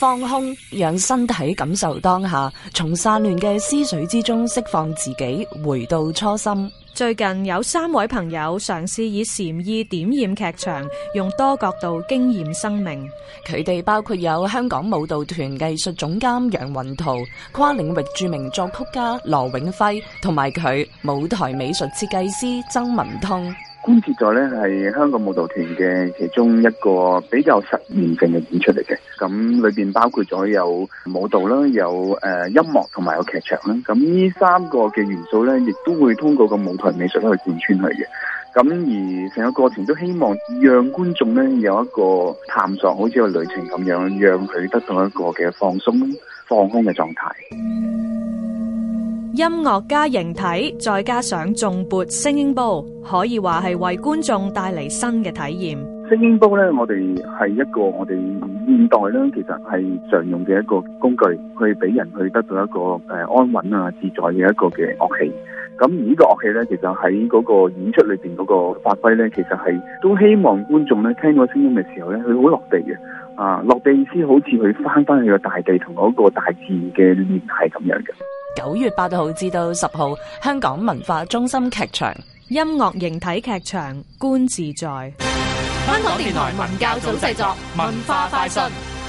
放空，讓身體感受當下，從散亂嘅思緒之中釋放自己，回到初心。最近有三位朋友嘗試以禪意點染劇場，用多角度經驗生命。佢哋包括有香港舞蹈團藝術總監楊雲濤、跨領域著名作曲家羅永輝，同埋佢舞台美術設計師曾文通。觀自在呢係香港舞蹈團嘅其中一個比較實驗性嘅演出嚟嘅。咁裏邊包括咗有舞蹈啦，有誒音樂同埋有劇場啦。咁呢三個嘅元素咧，亦都會通過個舞台美術去貫穿去嘅。咁而成個過程都希望讓觀眾咧有一個探索，好似個旅程咁樣，讓佢得到一個嘅放鬆、放空嘅狀態。音樂加形體，再加上重撥聲音波，可以話係為觀眾帶嚟新嘅體驗。聲音煲咧，我哋係一個我哋現代咧，其實係常用嘅一個工具，去俾人去得到一個誒、呃、安穩啊，自在嘅一個嘅樂器。咁而呢個樂器咧，其實喺嗰個演出裏邊嗰個發揮咧，其實係都希望觀眾咧聽個聲音嘅時候咧，佢好落地嘅啊，落地意思好似佢翻翻去個大地同嗰個大自然嘅聯繫咁樣嘅。九月八號至到十號，香港文化中心劇場音樂形體劇場《觀自在》。香港電台文教組製作《文化快訊》快。